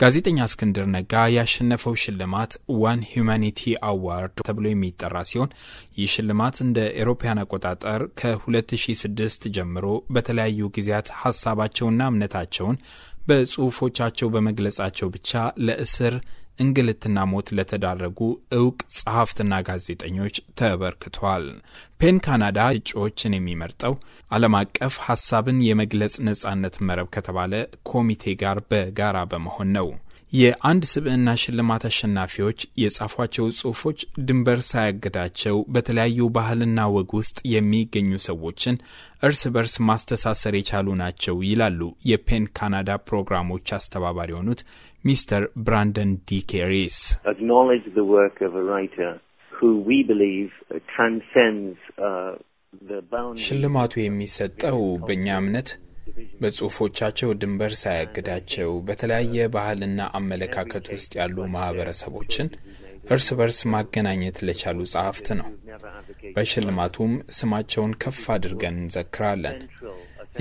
ጋዜጠኛ እስክንድር ነጋ ያሸነፈው ሽልማት ዋን ሂዩማኒቲ አዋርድ ተብሎ የሚጠራ ሲሆን ይህ ሽልማት እንደ ኤሮፓያን አቆጣጠር ከ2006 ጀምሮ በተለያዩ ጊዜያት ሀሳባቸውና እምነታቸውን በጽሑፎቻቸው በመግለጻቸው ብቻ ለእስር እንግልትና ሞት ለተዳረጉ እውቅ ጸሐፍትና ጋዜጠኞች ተበርክቷል። ፔን ካናዳ እጩዎችን የሚመርጠው ዓለም አቀፍ ሐሳብን የመግለጽ ነጻነት መረብ ከተባለ ኮሚቴ ጋር በጋራ በመሆን ነው። የአንድ ስብዕና ሽልማት አሸናፊዎች የጻፏቸው ጽሑፎች ድንበር ሳያግዳቸው በተለያዩ ባህልና ወግ ውስጥ የሚገኙ ሰዎችን እርስ በርስ ማስተሳሰር የቻሉ ናቸው ይላሉ የፔን ካናዳ ፕሮግራሞች አስተባባሪ የሆኑት ሚስተር ብራንደን ዲኬሪስ uh, uh, ሽልማቱ የሚሰጠው በእኛ እምነት በጽሁፎቻቸው ድንበር ሳያግዳቸው በተለያየ ባህልና አመለካከት ውስጥ ያሉ ማህበረሰቦችን እርስ በርስ ማገናኘት ለቻሉ ጸሐፍት ነው። በሽልማቱም ስማቸውን ከፍ አድርገን እንዘክራለን።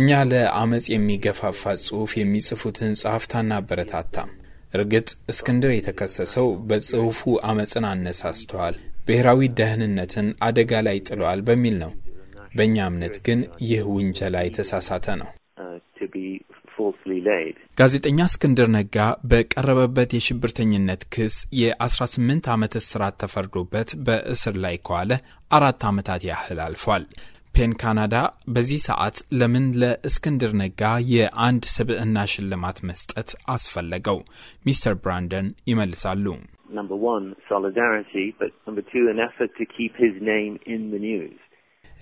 እኛ ለአመፅ የሚገፋፋ ጽሁፍ የሚጽፉትን ጸሐፍት አናበረታታም። እርግጥ እስክንድር የተከሰሰው በጽሁፉ አመፅን አነሳስተዋል፣ ብሔራዊ ደህንነትን አደጋ ላይ ጥለዋል በሚል ነው። በእኛ እምነት ግን ይህ ውንጀላ የተሳሳተ ነው። ጋዜጠኛ እስክንድር ነጋ በቀረበበት የሽብርተኝነት ክስ የ18 ዓመት እስራት ተፈርዶበት በእስር ላይ ከዋለ አራት ዓመታት ያህል አልፏል። ፔን ካናዳ በዚህ ሰዓት ለምን ለእስክንድር ነጋ የአንድ ስብዕና ሽልማት መስጠት አስፈለገው? ሚስተር ብራንደን ይመልሳሉ።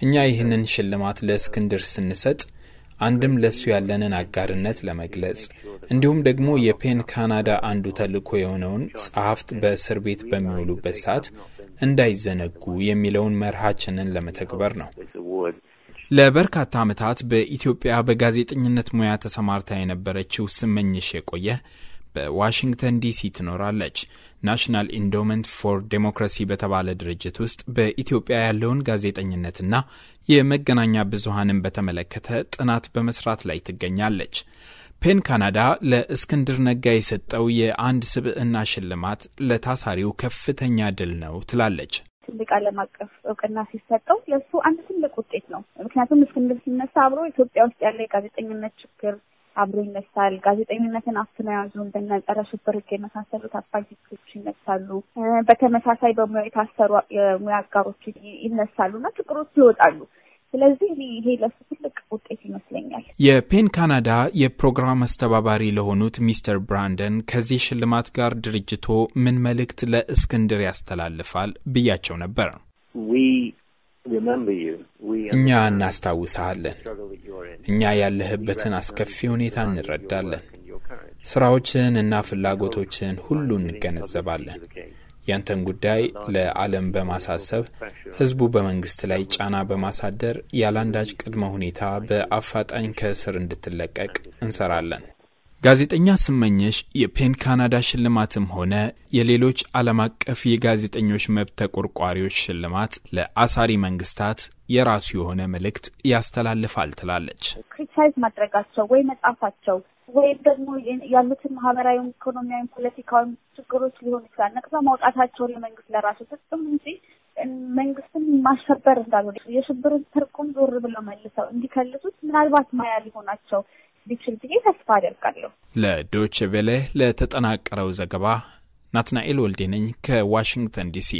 እኛ ይህንን ሽልማት ለእስክንድር ስንሰጥ አንድም ለእሱ ያለንን አጋርነት ለመግለጽ እንዲሁም ደግሞ የፔን ካናዳ አንዱ ተልኮ የሆነውን ጸሐፍት በእስር ቤት በሚውሉበት ሰዓት እንዳይዘነጉ የሚለውን መርሃችንን ለመተግበር ነው። ለበርካታ ዓመታት በኢትዮጵያ በጋዜጠኝነት ሙያ ተሰማርታ የነበረችው ስመኝሽ የቆየ በዋሽንግተን ዲሲ ትኖራለች። ናሽናል ኢንዶመንት ፎር ዴሞክራሲ በተባለ ድርጅት ውስጥ በኢትዮጵያ ያለውን ጋዜጠኝነትና የመገናኛ ብዙሀንን በተመለከተ ጥናት በመስራት ላይ ትገኛለች። ፔን ካናዳ ለእስክንድር ነጋ የሰጠው የአንድ ስብዕና ሽልማት ለታሳሪው ከፍተኛ ድል ነው ትላለች። ትልቅ ዓለም አቀፍ እውቅና ሲሰጠው ለእሱ አንድ ትልቅ ውጤት ነው። ምክንያቱም እስክንድር ሲነሳ አብሮ ኢትዮጵያ ውስጥ ያለ የጋዜጠኝነት ችግር አብሮ ይነሳል። ጋዜጠኝነትን አፍነው ያዙ እንደነ ጸረ ሽብርግ የመሳሰሉት አባይ ችግሮች ይነሳሉ። በተመሳሳይ በሙያ የታሰሩ የሙያ አጋሮች ይነሳሉና ችግሮች ይወጣሉ። ስለዚህ ይሄ ለሱ ትልቅ ውጤት ይመስለኛል። የፔን ካናዳ የፕሮግራም አስተባባሪ ለሆኑት ሚስተር ብራንደን ከዚህ ሽልማት ጋር ድርጅቶ ምን መልእክት ለእስክንድር ያስተላልፋል ብያቸው ነበር። እኛ እናስታውሳለን እኛ ያለህበትን አስከፊ ሁኔታ እንረዳለን። ስራዎችን እና ፍላጎቶችን ሁሉ እንገነዘባለን። ያንተን ጉዳይ ለዓለም በማሳሰብ ህዝቡ በመንግስት ላይ ጫና በማሳደር ያላንዳች ቅድመ ሁኔታ በአፋጣኝ ከእስር እንድትለቀቅ እንሰራለን። ጋዜጠኛ ስመኘሽ የፔን ካናዳ ሽልማትም ሆነ የሌሎች ዓለም አቀፍ የጋዜጠኞች መብት ተቆርቋሪዎች ሽልማት ለአሳሪ መንግስታት የራሱ የሆነ መልእክት ያስተላልፋል ትላለች። ክሪቲሳይዝ ማድረጋቸው ወይ መጻፋቸው ወይም ደግሞ ያሉትን ማህበራዊም፣ ኢኮኖሚያዊም፣ ፖለቲካዊም ችግሮች ሊሆን ይችላል ነቅሰው ማውጣታቸውን የመንግስት ለራሱ ፍጹም እንጂ መንግስትን ማሸበር እንዳልሆነ የሽብርን ትርቁም ዞር ብለው መልሰው እንዲከልሱት ምናልባት ማያ ሊሆናቸው ቢችል ብዬ ተስፋ አደርጋለሁ። ለዶች ቬሌ ለተጠናቀረው ዘገባ ናትናኤል ወልዴ ነኝ ከዋሽንግተን ዲሲ